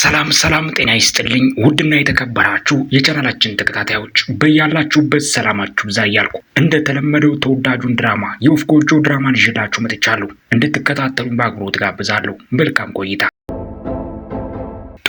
ሰላም ሰላም፣ ጤና ይስጥልኝ ውድና የተከበራችሁ የቻናላችን ተከታታዮች በያላችሁበት ሰላማችሁ ብዛ እያልኩ እንደተለመደው ተወዳጁን ድራማ የወፍ ጎጆ ድራማን ይዤላችሁ መጥቻለሁ። እንድትከታተሉን በአክብሮት ጋብዛለሁ። መልካም ቆይታ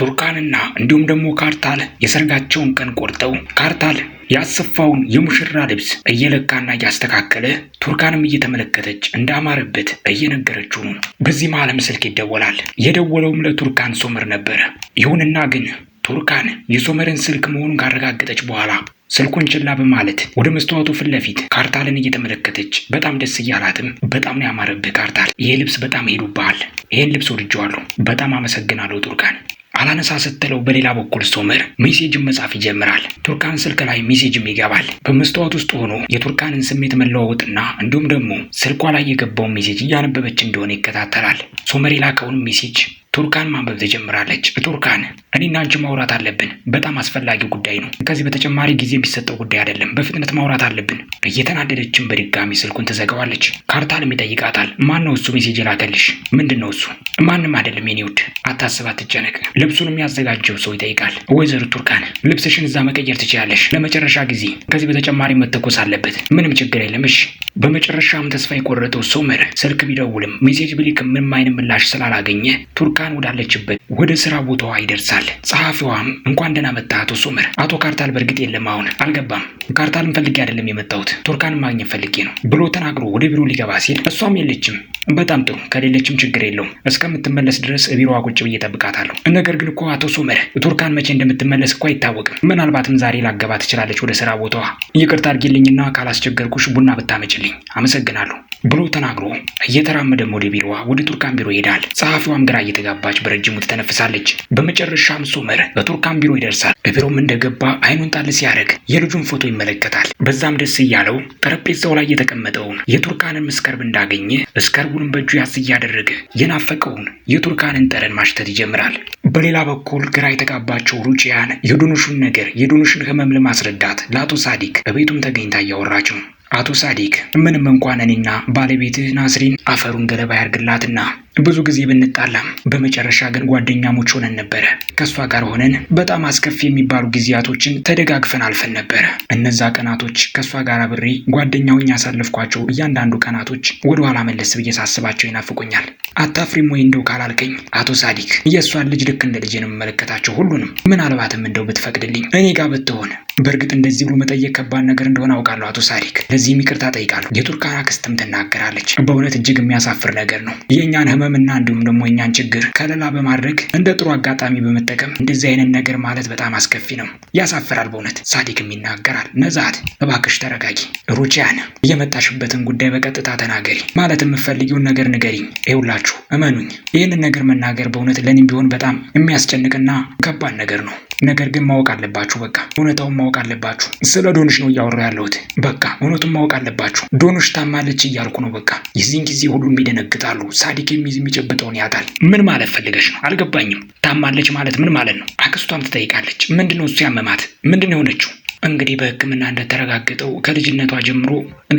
ቱርካንና እንዲሁም ደግሞ ካርታል የሰርጋቸውን ቀን ቆርጠው ካርታል ያሰፋውን የሙሽራ ልብስ እየለካና እያስተካከለ ቱርካንም እየተመለከተች እንዳማረበት እየነገረችው ነው። በዚህ መሀልም ስልክ ይደወላል። የደወለውም ለቱርካን ሶመር ነበረ። ይሁንና ግን ቱርካን የሶመርን ስልክ መሆኑን ካረጋገጠች በኋላ ስልኩን ችላ በማለት ወደ መስተዋቱ ፊት ለፊት ካርታልን እየተመለከተች በጣም ደስ እያላትም፣ በጣም ነው ያማረብህ ካርታል፣ ይህ ልብስ በጣም ሄዱብሃል፣ ይህን ልብስ ወድጀዋለሁ፣ በጣም አመሰግናለሁ ቱርካን አላነሳ ስትለው በሌላ በኩል ሶመር ሜሴጅን መጻፍ ይጀምራል። ቱርካን ስልክ ላይ ሜሴጅም ይገባል። በመስተዋት ውስጥ ሆኖ የቱርካንን ስሜት መለዋወጥና እንዲሁም ደግሞ ስልኳ ላይ የገባውን ሜሴጅ እያነበበች እንደሆነ ይከታተላል። ሶመር የላከውን ሜሴጅ ቱርካን ማንበብ ትጀምራለች። ቱርካን እኔና አንቺ ማውራት አለብን። በጣም አስፈላጊ ጉዳይ ነው። ከዚህ በተጨማሪ ጊዜ የሚሰጠው ጉዳይ አይደለም። በፍጥነት ማውራት አለብን። እየተናደደችን በድጋሚ ስልኩን ትዘጋዋለች። ካርታልም ይጠይቃታል። ማን ነው እሱ ሜሴጅ ላከልሽ? ምንድን ነው እሱ? ማንም አይደለም የኔ ውድ፣ አታስብ፣ አትጨነቅ። ልብሱን የሚያዘጋጀው ሰው ይጠይቃል። ወይዘሮ ቱርካን ልብስሽን እዛ መቀየር ትችላለሽ፣ ለመጨረሻ ጊዜ። ከዚህ በተጨማሪ መተኮስ አለበት። ምንም ችግር የለም። እሺ። በመጨረሻም ተስፋ የቆረጠው ሶመር ስልክ ቢደውልም ሜሴጅ ቢልክ ምንም አይነት ምላሽ ስላላገኘ ቱርካን ቱርካን ወዳለችበት ወደ ስራ ቦታዋ ይደርሳል። ጸሐፊዋም እንኳን ደህና መጣህ አቶ ሶመር። አቶ ካርታል በእርግጥ የለም አሁን አልገባም። ካርታልን ፈልጌ አይደለም የመጣሁት ቶርካን ማግኘት ፈልጌ ነው ብሎ ተናግሮ ወደ ቢሮ ሊገባ ሲል እሷም የለችም። በጣም ጥሩ ከሌለችም ችግር የለውም። እስከምትመለስ ድረስ ቢሮዋ ቁጭ ብዬ እጠብቃታለሁ። ነገር ግን እኮ አቶ ሶመር ቱርካን መቼ እንደምትመለስ እኮ አይታወቅም። ምናልባትም ዛሬ ላገባ ትችላለች ወደ ስራ ቦታዋ። ይቅርታ አድርጊልኝና ካላስቸገርኩሽ ቡና ብታመጭልኝ አመሰግናለሁ። ብሎ ተናግሮ እየተራመደም ወደ ቢሮዋ ወደ ቱርካን ቢሮ ይሄዳል። ጸሐፊዋም ግራ እየተጋባች በረጅሙ ትተነፍሳለች። በመጨረሻም ሶመር በቱርካን ቢሮ ይደርሳል። በቢሮም እንደገባ አይኑን ጣል ሲያደርግ የልጁን ፎቶ ይመለከታል። በዛም ደስ እያለው ጠረጴዛው ላይ የተቀመጠውን የቱርካንን ምስከርብ እንዳገኘ እስከርቡንም በእጁ ያዝ እያደረገ የናፈቀውን የቱርካንን ጠረን ማሽተት ይጀምራል። በሌላ በኩል ግራ የተጋባቸው ሩቺያን የዱንሹን ነገር የዶኖሹን ህመም ለማስረዳት ለአቶ ሳዲቅ በቤቱም ተገኝታ እያወራች ነው። አቶ ሳዲቅ ምንም እንኳን እኔና ባለቤትህ ናስሪን አፈሩን ገለባ ያርግላትና ብዙ ጊዜ ብንጣላም በመጨረሻ ግን ጓደኛሞች ሆነን ነበረ። ከእሷ ጋር ሆነን በጣም አስከፊ የሚባሉ ጊዜያቶችን ተደጋግፈን አልፈን ነበረ። እነዛ ቀናቶች ከእሷ ጋር አብሬ ጓደኛውኝ ያሳለፍኳቸው እያንዳንዱ ቀናቶች ወደኋላ መለስ ብዬ ሳስባቸው ይናፍቁኛል። አታፍሪም ወይ እንደው ካላልከኝ አቶ ሳዲቅ፣ የእሷን ልጅ ልክ እንደ ልጅ ነው የምመለከታቸው ሁሉንም። ምናልባትም እንደው ብትፈቅድልኝ እኔ ጋር ብትሆን በእርግጥ እንደዚህ ብሎ መጠየቅ ከባድ ነገር እንደሆነ አውቃለሁ አቶ ሳዲክ፣ ለዚህም ይቅርታ ጠይቃለሁ። የቱርክ አክስትም ትናገራለች። በእውነት እጅግ የሚያሳፍር ነገር ነው። የእኛን ህመምና እንዲሁም ደግሞ የእኛን ችግር ከለላ በማድረግ እንደ ጥሩ አጋጣሚ በመጠቀም እንደዚህ አይነት ነገር ማለት በጣም አስከፊ ነው። ያሳፍራል በእውነት ሳዲክም ይናገራል። ነዛት እባክሽ ተረጋጊ። ሩቺያን የመጣሽበትን ጉዳይ በቀጥታ ተናገሪ፣ ማለት የምፈልጊውን ነገር ንገሪኝ። ይውላችሁ እመኑኝ፣ ይህንን ነገር መናገር በእውነት ለእኔም ቢሆን በጣም የሚያስጨንቅና ከባድ ነገር ነው። ነገር ግን ማወቅ አለባችሁ። በቃ እውነታውን ማወቅ አለባችሁ። ስለ ዶንሽ ነው እያወራ ያለሁት። በቃ እውነቱን ማወቅ አለባችሁ። ዶንሽ ታማለች እያልኩ ነው። በቃ የዚህን ጊዜ ሁሉም ይደነግጣሉ። ሳዲክ የሚይዝ የሚጨብጠውን ያጣል። ምን ማለት ፈልገች ነው? አልገባኝም። ታማለች ማለት ምን ማለት ነው? አክስቷም ትጠይቃለች። ምንድነው እሱ ያመማት? ምንድን የሆነችው? እንግዲህ በሕክምና እንደተረጋገጠው ከልጅነቷ ጀምሮ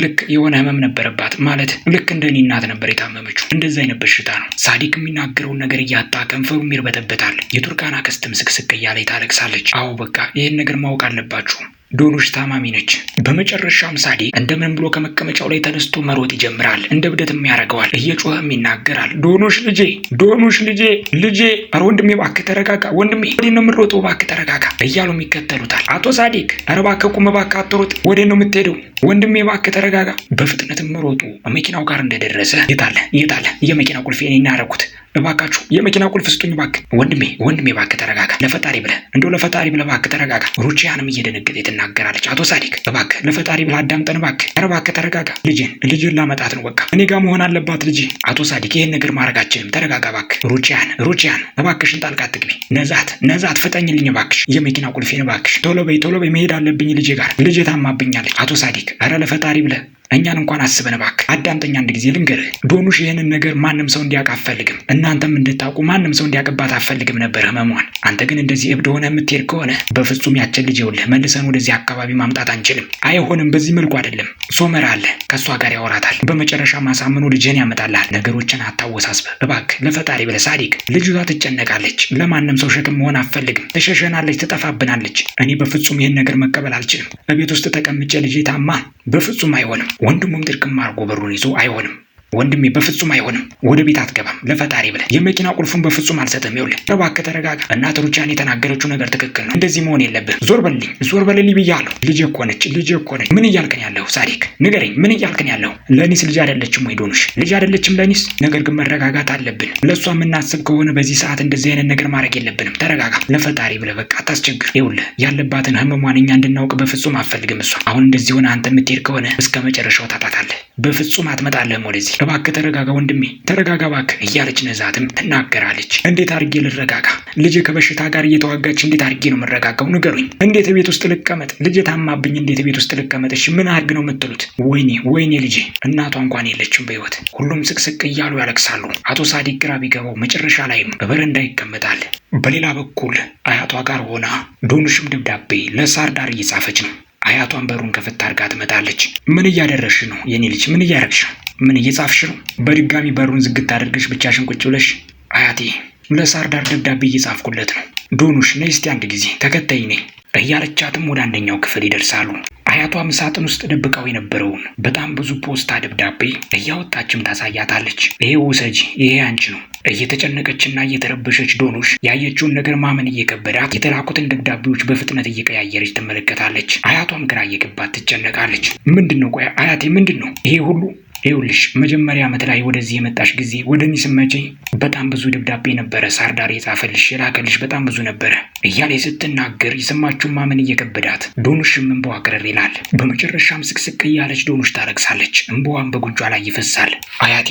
ልክ የሆነ ህመም ነበረባት። ማለት ልክ እንደ እኔ እናት ነበር የታመመችው። እንደዚ አይነት በሽታ ነው። ሳዲቅ የሚናገረውን ነገር እያጣ ከንፈሩም ይርበተበታል። የቱርካና ከስትም ስቅስቅ እያለ ታለቅሳለች። አዎ በቃ ይህን ነገር ማወቅ አለባችሁ። ዶኑሽ ታማሚ ነች። በመጨረሻም ሳዲ እንደምንም ብሎ ከመቀመጫው ላይ ተነስቶ መሮጥ ይጀምራል። እንደ ብደትም ያደርገዋል። እየጮኸም ይናገራል። ዶኑሽ ልጄ፣ ዶኑሽ ልጄ፣ ልጄ፣ ኧረ ወንድሜ እባክህ ተረጋጋ ወንድሜ፣ ወዴት ነው የምሮጠው? እባክህ ተረጋጋ እያሉም ይከተሉታል። አቶ ሳዲቅ፣ ኧረ እባክህ ቁም፣ እባክህ አትሮጥ፣ ወዴት ነው የምትሄደው? ወንድሜ እባክህ ተረጋጋ። በፍጥነትም ሮጡ። መኪናው ጋር እንደደረሰ የታለ የታለ የመኪና ቁልፍ የኔ እናያረኩት እባካችሁ የመኪና ቁልፍ ስጡኝ እባክህ። ወንድሜ ወንድሜ እባክህ ተረጋጋ። ለፈጣሪ ብለህ እንደው ለፈጣሪ ብለህ እባክህ ተረጋጋ። ሩቺያንም እየደነገጠ ትናገራለች። አቶ ሳዲክ እባክህ ለፈጣሪ ብለህ አዳምጠን እባክህ። ኧረ እባክህ ተረጋጋ። ልጄን ልጄን ላመጣት ነው በቃ እኔ ጋር መሆን አለባት ልጅ። አቶ ሳዲክ ይህን ነገር ማድረጋችንም ተረጋጋ እባክህ። ሩቺያን ሩቺያን እባክሽን ጣልቃ አትግቢ። ነዛት ነዛት ፍጠኝልኝ እባክሽ የመኪና ቁልፌን እባክሽ። ቶሎ በይ ቶሎ በይ መሄድ አለብኝ ልጄ ጋር ልጄ ታማብኛለች። አቶ ሳዲክ አረ ለፈጣሪ ብለህ እኛን እንኳን አስበን እባክህ አዳምጠኝ፣ አንድ ጊዜ ልንገርህ። ዶኑሽ ይህንን ነገር ማንም ሰው እንዲያውቅ አፈልግም፣ እናንተም እንድታውቁ ማንም ሰው እንዲያውቅባት አፈልግም ነበር ህመሟን። አንተ ግን እንደዚህ እብድ ሆነ የምትሄድ ከሆነ በፍጹም ያችን ልጅ ይኸውልህ መልሰን ወደዚህ አካባቢ ማምጣት አንችልም። አይሆንም፣ በዚህ መልኩ አይደለም። ሶመር አለ ከእሷ ጋር ያወራታል። በመጨረሻ ማሳምኖ ልጅህን ያመጣልሃል። ነገሮችን አታወሳስበህ እባክህ፣ ለፈጣሪ ብለህ ሳዲቅ። ልጅቷ ትጨነቃለች። ለማንም ሰው ሸክም መሆን አፈልግም። ትሸሸናለች፣ ትጠፋብናለች። እኔ በፍጹም ይህን ነገር መቀበል አልችልም። በቤት ውስጥ ተቀምጬ ልጄ ታማ በፍጹም አይሆንም። ወንድሙም ድርቅም አድርጎ በሩን ይዞ አይሆንም ወንድሜ በፍጹም አይሆንም። ወደ ቤት አትገባም። ለፈጣሪ ብለ የመኪና ቁልፉን በፍጹም አልሰጥም። ይኸውልህ እባክህ ተረጋጋ። እናት ሩቻን የተናገረችው ነገር ትክክል ነው። እንደዚህ መሆን የለብህም። ዞር በልልኝ፣ ዞር በልልኝ ብያለሁ። ልጄ እኮ ነች፣ ልጄ እኮ ነች። ምን እያልክ ነው ያለኸው? ሳዲክ ንገረኝ፣ ምን እያልክ ነው ያለኸው? ለኒስ ልጅ አይደለችም ወይ ዶኑሽ? ልጅ አይደለችም ለኒስ። ነገር ግን መረጋጋት አለብን። ለእሷ የምናስብ ከሆነ በዚህ ሰዓት እንደዚህ አይነት ነገር ማድረግ የለብንም። ተረጋጋ፣ ለፈጣሪ ብለ በቃ አታስቸግር። ይኸውልህ ያለባትን ህመሟን እኛ እንድናውቅ በፍጹም አፈልግም። እሷ። አሁን እንደዚህ ሆነ አንተ የምትሄድ ከሆነ እስከ መጨረሻው ታጣታለህ። በፍጹም አትመጣለህም ወደዚህ እባክህ ተረጋጋ ወንድሜ ተረጋጋ እባክህ እያለች ነዛትም ትናገራለች። እንዴት አድርጌ ልረጋጋ? ልጄ ከበሽታ ጋር እየተዋጋች እንዴት አድርጌ ነው የምረጋጋው? ንገሩኝ። እንዴት ቤት ውስጥ ልቀመጥ? ልጄ ታማብኝ እንዴት ቤት ውስጥ ልቀመጥ? እሺ ምን አድርግ ነው የምትሉት? ወይኔ ወይኔ ልጄ እናቷ እንኳን የለችም በህይወት ሁሉም ስቅስቅ እያሉ ያለቅሳሉ። አቶ ሳዲቅ ግራ ቢገባው መጨረሻ ላይም በበረንዳ ይቀመጣል። በሌላ በኩል አያቷ ጋር ሆና ዶንሽም ደብዳቤ ለሳርዳር እየጻፈች ነው። አያቷን በሩን ከፍት አድርጋ ትመጣለች። ምን እያደረግሽ ነው የኔ ልጅ? ምን እያደረግሽ ነው? ምን እየጻፍሽ ነው? በድጋሚ በሩን ዝግት አድርገሽ ብቻሽን ቁጭ ብለሽ አያቴ ለሳርዳር ደብዳቤ እየጻፍኩለት ነው። ዶኑሽ ነይ እስቲ አንድ ጊዜ ተከታይ ነኝ እያለቻትም ወደ አንደኛው ክፍል ይደርሳሉ። አያቷም ሳጥን ውስጥ ደብቀው የነበረውን በጣም ብዙ ፖስታ ደብዳቤ እያወጣችም ታሳያታለች። ይሄ ውሰጂ፣ ይሄ አንቺ ነው። እየተጨነቀችና እየተረበሸች ዶኖሽ ያየችውን ነገር ማመን እየከበዳት የተላኩትን ደብዳቤዎች በፍጥነት እየቀያየረች ትመለከታለች። አያቷም ግራ እየገባት ትጨነቃለች። ምንድን ነው ቆይ አያቴ፣ ምንድን ነው ይሄ ሁሉ ይኸውልሽ መጀመሪያ ዓመት ላይ ወደዚህ የመጣሽ ጊዜ ወደ እኔ በጣም ብዙ ደብዳቤ ነበረ ሳርዳር የጻፈልሽ የላከልሽ በጣም ብዙ ነበረ እያለ ስትናገር የሰማችውን ማመን እየከበዳት ዶኑሽም እንበዋ ቅርር ይላል። በመጨረሻም ስቅስቅ እያለች ዶኑሽ ታረግሳለች። እንበዋም በጉጇ ላይ ይፈሳል። አያቴ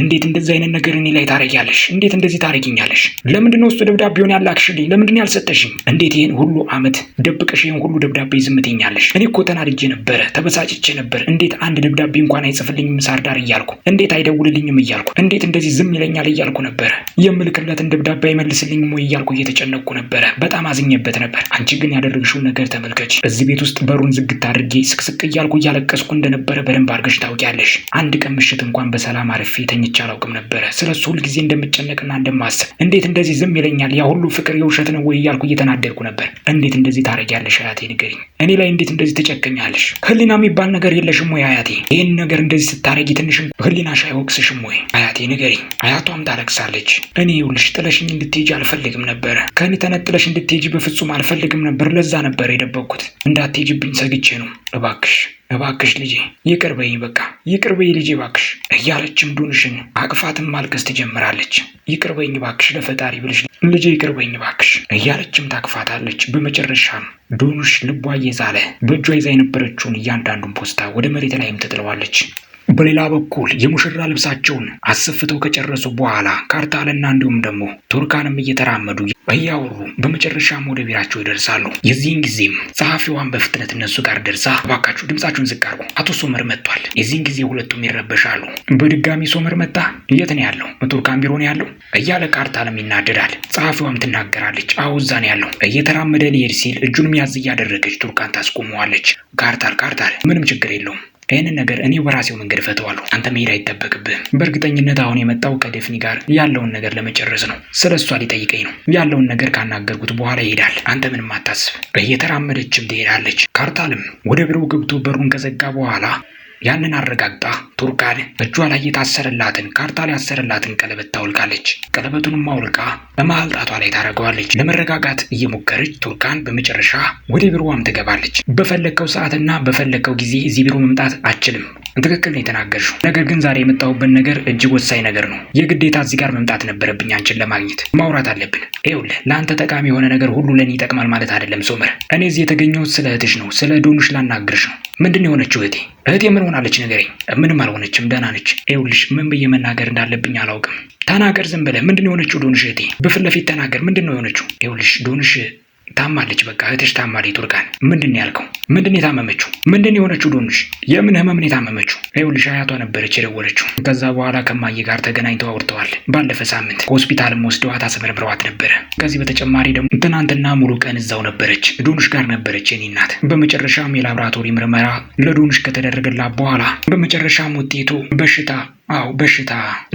እንዴት እንደዚህ አይነት ነገር እኔ ላይ ታረጊያለሽ? እንዴት እንደዚህ ታረጊኛለሽ? ለምንድን ነው እሱ ደብዳቤውን ያላክሽልኝ? ለምንድን ያልሰጠሽኝ? እንዴት ይህን ሁሉ ዓመት ደብቀሽ ይህን ሁሉ ደብዳቤ ዝም ትይኛለሽ? እኔ እኮ ተናድጄ ነበረ፣ ተበሳጭቼ ነበር። እንዴት አንድ ደብዳቤ እንኳን አይጽፍልኝም ሳርዳር እያልኩ፣ እንዴት አይደውልልኝም እያልኩ፣ እንዴት እንደዚህ ዝም ይለኛል እያልኩ ነበረ። የምልክለትን ደብዳቤ አይመልስልኝም ወይ እያልኩ እየተጨነቅኩ ነበረ። በጣም አዝኜበት ነበር። አንቺ ግን ያደረግሽውን ነገር ተመልከች። እዚህ ቤት ውስጥ በሩን ዝግት አድርጌ ስቅስቅ እያልኩ እያለቀስኩ እንደነበረ በደንብ አድርገሽ ታውቂያለሽ። አንድ ቀን ምሽት እንኳን በሰላም አረፌ ተኝቼ አላውቅም ነበረ። ሁል ሁልጊዜ እንደምጨነቅና እንደማስብ እንዴት እንደዚህ ዝም ይለኛል? ያ ሁሉ ፍቅር የውሸት ነው ወይ እያልኩ እየተናደድኩ ነበር። እንዴት እንደዚህ ታረጊያለሽ አያቴ? ንገሪኝ፣ እኔ ላይ እንዴት እንደዚህ ትጨክኛለሽ? ህሊና የሚባል ነገር የለሽም ወይ አያቴ? ይህን ነገር እንደዚህ ስታረጊ ትንሽ ህሊናሽ አይወቅስሽም ወይ አያቴ? ንገሪኝ። አያቷም ታለቅሳለች። እኔ ይኸውልሽ ጥለሽኝ እንድትሄጂ አልፈልግም ነበረ። ከእኔ ተነጥለሽ እንድትሄጂ በፍጹም አልፈልግም ነበር። ለዛ ነበር የደበኩት። እንዳትሄጂብኝ ሰግቼ ነው። እባክሽ እባክሽ ልጄ ይቅር በይኝ፣ በቃ ይቅር በይ ልጄ እባክሽ እያለችም ዱንሽን አቅፋትም ማልቀስ ትጀምራለች። ይቅር በይኝ እባክሽ፣ ለፈጣሪ ብልሽ ልጄ ይቅር በይኝ እባክሽ እያለችም ታቅፋታለች። በመጨረሻም ዱንሽ ልቧ እየዛለ በእጇ ይዛ የነበረችውን እያንዳንዱን ፖስታ ወደ መሬት ላይም ትጥለዋለች። በሌላ በኩል የሙሽራ ልብሳቸውን አሰፍተው ከጨረሱ በኋላ ካርታልና እንዲሁም ደግሞ ቱርካንም እየተራመዱ እያወሩ በመጨረሻም ወደ ቢራቸው ይደርሳሉ። የዚህን ጊዜም ጸሐፊዋን በፍጥነት እነሱ ጋር ደርሳ እባካችሁ ድምፃችሁን ዝቅ አድርጉ፣ አቶ ሶመር መጥቷል። የዚህን ጊዜ ሁለቱም ይረበሻሉ። በድጋሚ ሶመር መጣ፣ የት ነው ያለው? ቱርካን ቢሮ ነው ያለው እያለ ካርታለም ይናደዳል። ጸሐፊዋም ትናገራለች፣ አዎ እዛ ነው ያለው። እየተራመደ ሊሄድ ሲል እጁን ያዝ እያደረገች ቱርካን ታስቆመዋለች። ካርታል ካርታል፣ ምንም ችግር የለውም ይህንን ነገር እኔ በራሴው መንገድ እፈተዋለሁ። አንተ መሄድ አይጠበቅብህም። በእርግጠኝነት አሁን የመጣው ከደፍኒ ጋር ያለውን ነገር ለመጨረስ ነው። ስለ እሷ ሊጠይቀኝ ነው። ያለውን ነገር ካናገርኩት በኋላ ይሄዳል። አንተ ምንም አታስብ። እየተራመደችም ትሄዳለች። ካርታልም ወደ ቢሮ ገብቶ በሩን ከዘጋ በኋላ ያንን አረጋግጣ ቱርካን በእጇ ላይ የታሰረላትን ካርታ ላይ ያሰረላትን ቀለበት ታወልቃለች። ቀለበቱንም አውልቃ በመሀል ጣቷ ላይ ታደርገዋለች። ለመረጋጋት እየሞከረች ቱርካን በመጨረሻ ወደ ቢሮዋም ትገባለች። በፈለግከው ሰዓትና በፈለግከው ጊዜ እዚህ ቢሮ መምጣት አችልም። ትክክል ነው የተናገርሽው፣ ነገር ግን ዛሬ የመጣሁበት ነገር እጅግ ወሳኝ ነገር ነው። የግዴታ እዚህ ጋር መምጣት ነበረብኝ። አንቺን ለማግኘት ማውራት አለብን። ይኸውልህ ለአንተ ጠቃሚ የሆነ ነገር ሁሉ ለእኔ ይጠቅማል ማለት አይደለም ሶመር። እኔ እዚህ የተገኘሁት ስለ እህትሽ ነው፣ ስለ ዶኑሽ ላናግርሽ ነው። ምንድን የሆነችው እህቴ? እህቴ ምን ሆናለች ንገረኝ። ምንም አልሆነችም፣ ደህና ነች። ይኸውልሽ ምን ብዬ መናገር እንዳለብኝ አላውቅም። ተናገር ዝም ብለህ። ምንድን ነው የሆነችው ዶንሽ? እህቴ በፊት ለፊት ተናገር። ምንድን ነው የሆነችው? ይኸውልሽ ዶንሽ ታማለች በቃ እህትሽ ታማለች። ቱርካን ምንድን ያልከው? ምንድን የታመመችው? ምንድን የሆነችው? ዶኑሽ የምን ህመምን ነው የታመመችው? ይኸውልሽ አያቷ ነበረች የደወለችው። ከዛ በኋላ ከማዬ ጋር ተገናኝተው አውርተዋል። ባለፈ ሳምንት ሆስፒታልም ወስደዋት አስመርምረዋት ነበረ። ከዚህ በተጨማሪ ደግሞ ትናንትና ሙሉ ቀን እዛው ነበረች፣ ዶኑሽ ጋር ነበረች የኔ እናት። በመጨረሻም የላብራቶሪ ምርመራ ለዶኑሽ ከተደረገላት በኋላ በመጨረሻም ውጤቱ በሽታ አው በሽታ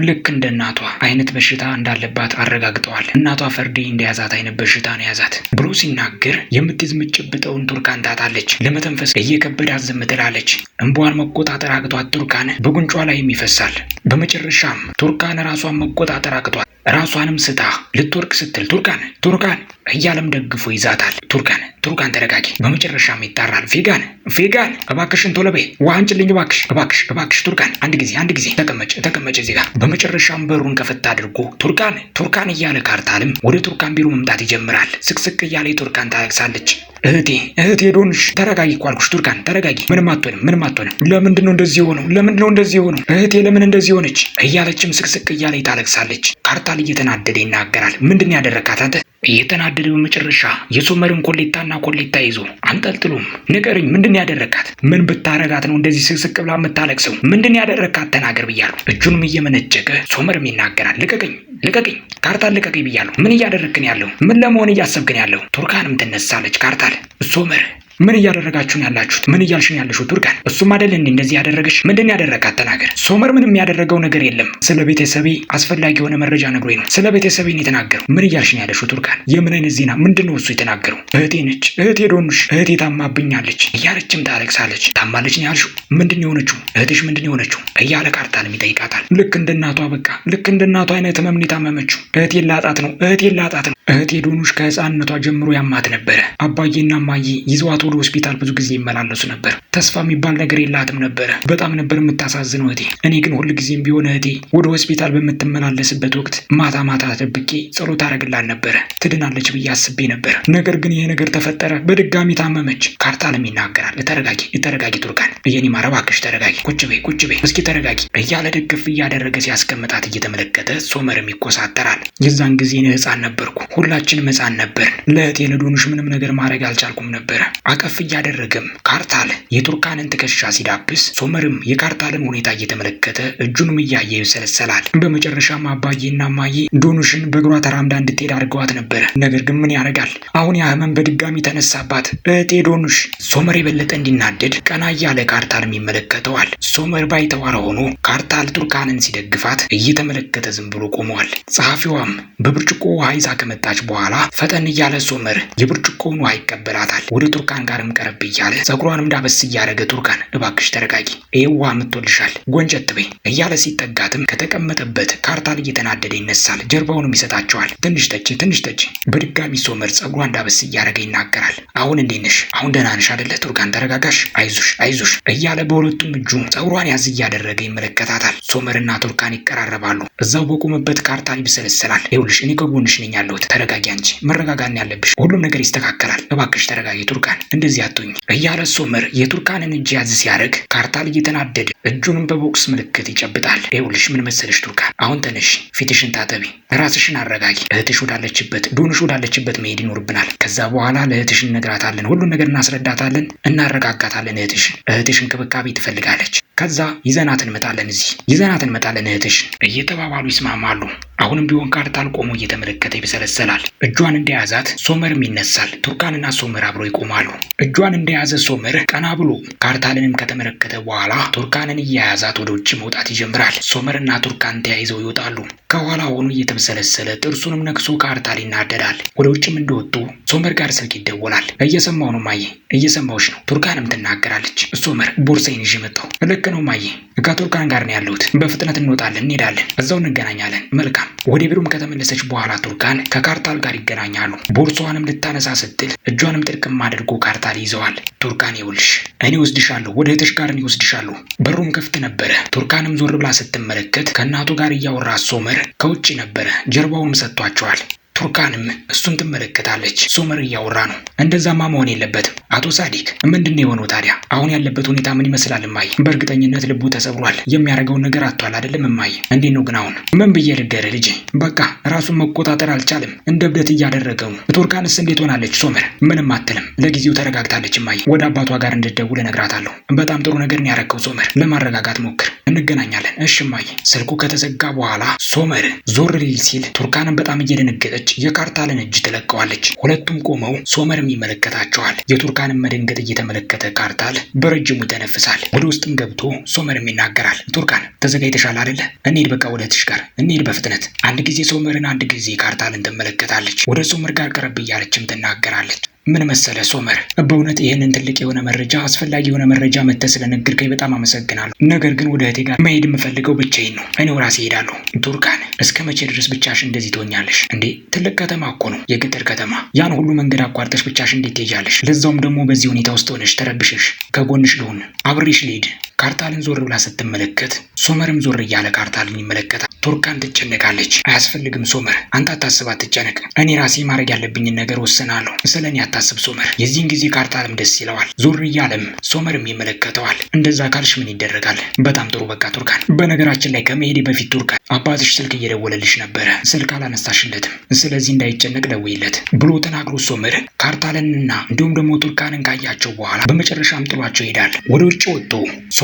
ልክ እንደ እናቷ አይነት በሽታ እንዳለባት አረጋግጠዋል። እናቷ ፈርዴ እንደያዛት አይነት በሽታ ነው ያዛት ብሎ ሲናገር የምትዝምጭብጠውን ቱርካን ታጣለች። ለመተንፈስ እየከበድ ዝም ትላለች። እንቧን መቆጣጠር አቅቷት ቱርካን በጉንጯ ላይም ይፈሳል። በመጨረሻም ቱርካን ራሷን መቆጣጠር አቅቷት ራሷንም ስታ ልትወርቅ ስትል ቱርካን ቱርካን እያለም ደግፎ ይዛታል። ቱርካን ቱርካን ተረጋጊ። በመጨረሻም ይጣራል። ፌጋን ፌጋን፣ እባክሽን ቶሎ በይ ውሃ አንጭልኝ እባክሽ እባክሽ እባክሽ ቱርካን አንድ ጊዜ አንድ ጊዜ ተቀመጭ ተቀመጭ እዚህ ጋር። በመጨረሻም በሩን ከፈታ አድርጎ ቱርካን ቱርካን እያለ ካርታልም ወደ ቱርካን ቢሮ መምጣት ይጀምራል። ስቅስቅ እያለ የቱርካን ታለቅሳለች። እህቴ እህቴ ዶንሽ ተረጋጊ እኮ አልኩሽ ቱርካን ተረጋጊ። ምንም አትሆንም ምንም አትሆንም። ለምንድን ነው እንደዚህ የሆነው? ለምንድን ነው እንደዚህ የሆነው? እህቴ ለምን እንደዚህ ሆነች? እያለችም ስቅስቅ እያለ ታለቅሳለች። ካርታል በቃል እየተናደደ ይናገራል። ምንድን ያደረካት አንተ? እየተናደደ በመጨረሻ የሶመርን ኮሌታና ኮሌታ ይዞ አንጠልጥሎም፣ ንገርኝ፣ ምንድን ያደረካት? ምን ብታረጋት ነው እንደዚህ ስቅስቅ ብላ የምታለቅሰው? ምንድን ያደረካት? ተናገር ብያለሁ። እጁንም እየመነጨቀ ሶመርም ይናገራል፣ ልቀቀኝ ልቀቂ ካርታል፣ ልቀቂ ብያለሁ። ምን እያደረግክን ያለው? ምን ለመሆን እያሰብክን ያለው? ቱርካንም ትነሳለች። ካርታል ሶመር ምን እያደረጋችሁ ያላችሁት? ምን እያልሽን ነው ያለሽው? ቱርካን እሱም አይደል እንዴ እንደዚህ ያደረገሽ? ምንድን ያደረጋት ተናገር። ሶመር ምንም ያደረገው ነገር የለም። ስለ ቤተሰቤ አስፈላጊ የሆነ መረጃ ነግሮኝ ነው ስለ ቤተሰቤ ነው የተናገረው። ምን እያልሽን ያለሽው? ቱርካን የምን አይነት ዜና ምንድን ነው እሱ የተናገረው? እህቴ ነች፣ እህቴ ዶኑሽ፣ እህቴ ታማብኛለች እያለችም ታለቅሳለች። ታማለች ነው ያልሽው? ምንድን የሆነችው? እህትሽ ምንድን የሆነችው? እያለ ካርታልም ይጠይቃታል። ልክ እንደ እናቷ በቃ ልክ እንደ እናቷ አይነት ህመም የታመመችው እህቴን ላጣት ነው፣ እህቴን ላጣት ነው። እህቴ ዶኖሽ ከህፃንነቷ ጀምሮ ያማት ነበረ። አባዬና ማዬ ይዘዋት ወደ ሆስፒታል ብዙ ጊዜ ይመላለሱ ነበር። ተስፋ የሚባል ነገር የላትም ነበረ። በጣም ነበር የምታሳዝነው እህቴ። እኔ ግን ሁልጊዜም ቢሆን እህቴ ወደ ሆስፒታል በምትመላለስበት ወቅት ማታ ማታ ደብቄ ጸሎት አደርግላት ነበረ። ትድናለች ብዬ አስቤ ነበር። ነገር ግን ይሄ ነገር ተፈጠረ። በድጋሚ ታመመች። ካርታለም ይናገራል። ተረጋጊ፣ ተረጋጊ ቱርካን፣ የኔ ማር እባክሽ ተረጋጊ፣ ቁጭ በይ፣ ቁጭ በይ፣ እስኪ ተረጋጊ እያለ ደግፍ እያደረገ ሲያስቀምጣት እየተመለከተ ሶመርም ይቆሳጠራል። የዛን ጊዜ እኔ ህፃን ነበርኩ። ሁላችንም ህፃን ነበርን። ለእህቴ ለዶኑሽ ምንም ነገር ማድረግ አልቻልኩም ነበረ። አቀፍ እያደረገም ካርታል የቱርካንን ትከሻ ሲዳብስ፣ ሶመርም የካርታልን ሁኔታ እየተመለከተ እጁንም እያየ ይሰለሰላል። በመጨረሻም አባዬና ማዬ ዶኑሽን በእግሯ ተራምዳ እንድትሄድ አድርገዋት ነበረ። ነገር ግን ምን ያደርጋል አሁን ያህመን በድጋሚ ተነሳባት እህቴ ዶኑሽ። ሶመር የበለጠ እንዲናደድ ቀና እያለ ካርታልም ይመለከተዋል። ሶመር ባይተዋረ ሆኖ ካርታል ቱርካንን ሲደግፋት እየተመለከተ ዝም ብሎ ቆመዋል። ተናግሯል። ጸሐፊዋም በብርጭቆ ውሃ ይዛ ከመጣች በኋላ ፈጠን እያለ ሶመር የብርጭቆውን ውሃ ይቀበላታል። ወደ ቱርካን ጋርም ቀረብ እያለ ጸጉሯን እንዳበስ እያደረገ ቱርካን እባክሽ ተረጋጊ፣ ይህ ምቶልሻል፣ ጎንጨት በይ እያለ ሲጠጋትም ከተቀመጠበት ካርታል እየተናደደ ይነሳል። ጀርባውንም ይሰጣቸዋል። ትንሽ ጠጭ፣ ትንሽ ጠጭ። በድጋሚ ሶመር ጸጉሯ እንዳበስ እያደረገ ይናገራል። አሁን እንዴት ነሽ? አሁን ደህና ነሽ አይደለ? ቱርካን ተረጋጋሽ፣ አይዞሽ፣ አይዞሽ እያለ በሁለቱም እጁ ጸጉሯን ያዝ እያደረገ ይመለከታታል። ሶመርና ቱርካን ይቀራረባሉ። እዛው በቆመበት ካር ካርታ ይብሰለሰላል። ይኸውልሽ እኔ ከጎንሽ ነኝ ያለሁት። ተረጋጊ አንቺ፣ መረጋጋን ያለብሽ። ሁሉም ነገር ይስተካከላል። እባክሽ ተረጋጊ ቱርካን፣ እንደዚህ አትሁኝ እያለ ሶመር የቱርካንን እጅ ያዝ ሲያደርግ ካርታል እየተናደደ እጁንም በቦክስ ምልክት ይጨብጣል። ይኸውልሽ ምን መሰለሽ ቱርካን፣ አሁን ተነሽ፣ ፊትሽን ታጠቢ፣ ራስሽን አረጋጊ። እህትሽ ወዳለችበት ዶንሽ ወዳለችበት መሄድ ይኖርብናል። ከዛ በኋላ ለእህትሽ እነግራታለን፣ ሁሉን ነገር እናስረዳታለን፣ እናረጋጋታለን። እህትሽን እህትሽ እንክብካቤ ትፈልጋለች። ከዛ ይዘናት እንመጣለን እዚህ ይዘናት እንመጣለን እህትሽ እየተባባሉ ይስማማሉ። አሁንም ቢሆን ካርታል ቆሞ እየተመለከተ ይብሰለሰላል። እጇን እንደያዛት ሶመርም ይነሳል። ቱርካንና ሶመር አብሮ ይቆማሉ። እጇን እንደያዘ ሶመር ቀና ብሎ ካርታልንም ከተመለከተ በኋላ ቱርካንን እያያዛት ወደ ውጭ መውጣት ይጀምራል። ሶመርና ቱርካን ተያይዘው ይወጣሉ። ከኋላ ሆኖ እየተብሰለሰለ ጥርሱንም ነክሶ ካርታል ይናደዳል። ወደ ውጭም እንደወጡ ሶመር ጋር ስልክ ይደወላል። እየሰማው ነው ማየ፣ እየሰማዎች ነው። ቱርካንም ትናገራለች። ሶመር ቦርሳዬን ይዤ መጣሁ ልክ ነው ማየ ከቱርካን ጋር ነው ያለሁት። በፍጥነት እንወጣለን፣ እንሄዳለን፣ እዛው እንገናኛለን። መልካም። ወደ ቢሮም ከተመለሰች በኋላ ቱርካን ከካርታል ጋር ይገናኛሉ። ቦርሷንም ልታነሳ ስትል እጇንም ጥርቅም አድርጎ ካርታል ይዘዋል። ቱርካን ይውልሽ፣ እኔ ወስድሻለሁ፣ ወደ እህትሽ ጋር እኔ ወስድሻለሁ። በሩም ክፍት ነበረ። ቱርካንም ዞር ብላ ስትመለከት ከእናቱ ጋር እያወራ ሶመር ከውጭ ነበረ። ጀርባውንም ሰጥቷቸዋል። ቱርካንም እሱን ትመለከታለች። ሶመር እያወራ ነው። እንደዛማ መሆን የለበትም አቶ ሳዲክ። ምንድን ነው የሆነው ታዲያ? አሁን ያለበት ሁኔታ ምን ይመስላል እማይ በእርግጠኝነት ልቡ ተሰብሯል። የሚያደርገውን ነገር አቷል አይደለም እማይ እንዴት ነው ግን አሁን ምን ብዬ ልንገርህ ልጅ በቃ ራሱን መቆጣጠር አልቻለም። እንደ እብደት እያደረገው ነው። ቱርካንስ እንዴት ሆናለች? ሶመር ምንም አትልም። ለጊዜው ተረጋግታለች። እማይ ወደ አባቷ ጋር እንድትደውል እነግራታለሁ። በጣም ጥሩ ነገር ነው ያረከው ሶመር። ለማረጋጋት ሞክር። እንገናኛለን። እሽ እማዬ። ስልኩ ከተዘጋ በኋላ ሶመር ዞር ሊል ሲል ቱርካንን በጣም እየደነገጠች እየሮጠች የካርታልን እጅ ትለቀዋለች። ሁለቱም ቆመው ሶመርም ይመለከታቸዋል። የቱርካን መደንገጥ እየተመለከተ ካርታል በረጅሙ ተነፍሳል። ወደ ውስጥም ገብቶ ሶመርም ይናገራል። ቱርካን ተዘጋጅተሻል አይደለ? እንሂድ በቃ ወደ ትሽ ጋር እንሂድ በፍጥነት። አንድ ጊዜ ሶመርን፣ አንድ ጊዜ ካርታልን ትመለከታለች። ወደ ሶመር ጋር ቀረብ እያለችም ትናገራለች። ምን መሰለ ሶመር፣ በእውነት ይህንን ትልቅ የሆነ መረጃ አስፈላጊ የሆነ መረጃ መጥተህ ስለነገርከኝ በጣም አመሰግናለሁ። ነገር ግን ወደ እህቴ ጋር መሄድ የምፈልገው ብቻዬን ነው። እኔው ራሴ እሄዳለሁ። ቱርካን፣ እስከ መቼ ድረስ ብቻሽ እንደዚህ ትሆኛለሽ እንዴ? ትልቅ ከተማ እኮ ነው፣ የገጠር ከተማ። ያን ሁሉ መንገድ አቋርጠሽ ብቻሽ እንዴት ትሄጃለሽ? ለዛውም ደግሞ በዚህ ሁኔታ ውስጥ ሆነሽ ተረብሸሽ። ከጎንሽ ልሁን፣ አብሬሽ ልሂድ። ካርታልን ዞር ብላ ስትመለከት ሶመርም ዞር እያለ ካርታልን ይመለከታል። ቱርካን ትጨነቃለች። አያስፈልግም ሶመር፣ አንተ አታስብ፣ አትጨነቅ። እኔ ራሴ ማድረግ ያለብኝን ነገር ወስናለሁ። ስለ እኔ አታስብ ሶመር። የዚህን ጊዜ ካርታልም ደስ ይለዋል። ዞር እያለም ሶመርም ይመለከተዋል። እንደዛ ካልሽ ምን ይደረጋል? በጣም ጥሩ በቃ ቱርካን፣ በነገራችን ላይ ከመሄዴ በፊት ቱርካን፣ አባትሽ ስልክ እየደወለልሽ ነበረ፣ ስልክ አላነሳሽለትም። ስለዚህ እንዳይጨነቅ ደውይለት ብሎ ተናግሮ ሶመር ካርታልንና እንዲሁም ደግሞ ቱርካንን ካያቸው በኋላ በመጨረሻም ጥሏቸው ይሄዳል። ወደ ውጭ ወጥቶ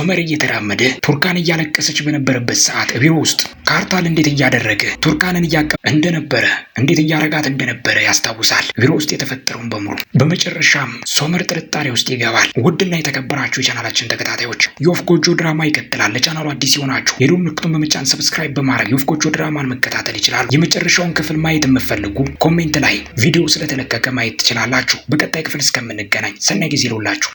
ሶመር እየተራመደ ቱርካን እያለቀሰች በነበረበት ሰዓት ቢሮ ውስጥ ካርታል እንዴት እያደረገ ቱርካንን እያቀ እንደነበረ እንዴት እያረጋት እንደነበረ ያስታውሳል። ቢሮ ውስጥ የተፈጠረውን በሙሉ። በመጨረሻም ሶመር ጥርጣሬ ውስጥ ይገባል። ውድና የተከበራችሁ የቻናላችን ተከታታዮች የወፍ ጎጆ ድራማ ይቀጥላል። ለቻናሉ አዲስ የሆናችሁ የዶ ምልክቱን በመጫን ሰብስክራይብ በማድረግ የወፍ ጎጆ ድራማን መከታተል ይችላል። የመጨረሻውን ክፍል ማየት የምትፈልጉ ኮሜንት ላይ ቪዲዮ ስለተለቀቀ ማየት ትችላላችሁ። በቀጣይ ክፍል እስከምንገናኝ ሰናይ ጊዜ ይሉላችሁ።